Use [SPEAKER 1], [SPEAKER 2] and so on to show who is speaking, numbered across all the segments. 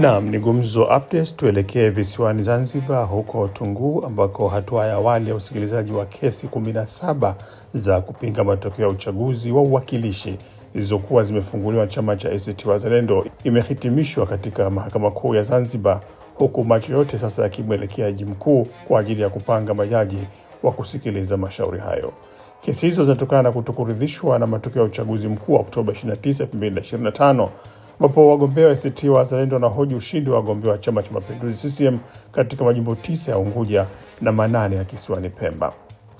[SPEAKER 1] Naam, ni Gumzo Updates. Tuelekee visiwani Zanzibar, huko Tunguu ambako hatua ya awali ya usikilizaji wa kesi 17 za kupinga matokeo ya uchaguzi wa uwakilishi zilizokuwa zimefunguliwa chama cha ACT Wazalendo imehitimishwa katika mahakama kuu ya Zanzibar, huku macho yote sasa yakimwelekea jaji mkuu kwa ajili ya kupanga majaji wa kusikiliza mashauri hayo. Kesi hizo zinatokana na kutokuridhishwa na matokeo ya uchaguzi mkuu wa Oktoba 29, 2025 ambapo wagombea wa ACT Wazalendo wanahoji ushindi wa wagombea wa Chama cha Mapinduzi CCM katika majimbo tisa ya Unguja na manane ya kisiwani Pemba.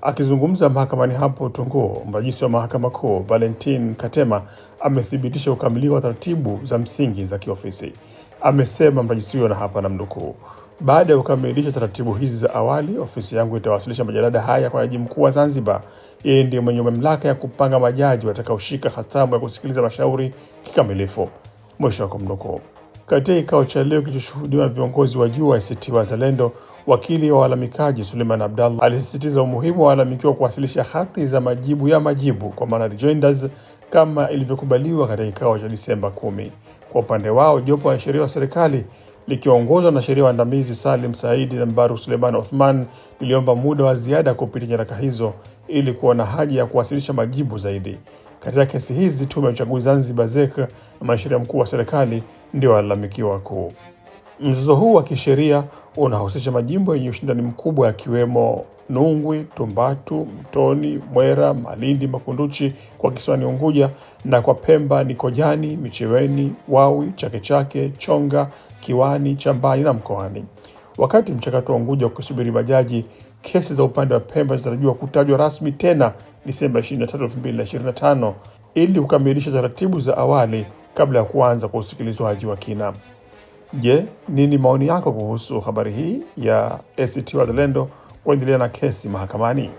[SPEAKER 1] Akizungumza mahakamani hapo Tunguu, mrajisi wa mahakama kuu Valentin Katema amethibitisha ukamilifu wa taratibu za msingi za kiofisi. Amesema mrajisi huyo, na hapa mnukuu baada ya kukamilisha taratibu hizi za awali, ofisi yangu itawasilisha majalada haya kwa jaji mkuu wa Zanzibar. Yeye ndiye mwenye mamlaka ya kupanga majaji watakaoshika hatamu ya kusikiliza mashauri kikamilifu. Mwisho wa kumnukuu. Katika kikao cha leo kilichoshuhudiwa na viongozi wa juu wa ACT Wazalendo, wakili wa walalamikaji Suleiman Abdallah alisisitiza umuhimu wa walalamikiwa kuwasilisha hati za majibu ya majibu kwa maana rejoinders kama ilivyokubaliwa katika kikao cha Disemba kumi. Kwa upande wao, jopo la sheria wa serikali likiongozwa na sheria waandamizi Salim Saidi na Mbaruk Suleiman Othman liliomba muda wa ziada kupitia nyaraka hizo ili kuona haja ya kuwasilisha majibu zaidi. Katika kesi hizi Tume ya Uchaguzi Zanzibar ZEC na mwanasheria mkuu wa serikali ndio walalamikiwa kuu Mzozo huu wa kisheria unahusisha majimbo yenye ushindani mkubwa yakiwemo Nungwi, Tumbatu, Mtoni, Mwera, Malindi, Makunduchi kwa kisiwani Unguja na kwa Pemba ni Kojani, Micheweni, Wawi, Chake Chake, Chonga, Kiwani, Chambani na Mkoani. Wakati mchakato wa Unguja ukisubiri majaji, kesi za upande wa Pemba zinatarajiwa kutajwa rasmi tena Disemba 23, 2025 ili kukamilisha taratibu za awali kabla ya kuanza kwa usikilizwaji wa kina. Je, nini maoni yako kuhusu habari hii ya ACT Wazalendo kuendelea na kesi mahakamani?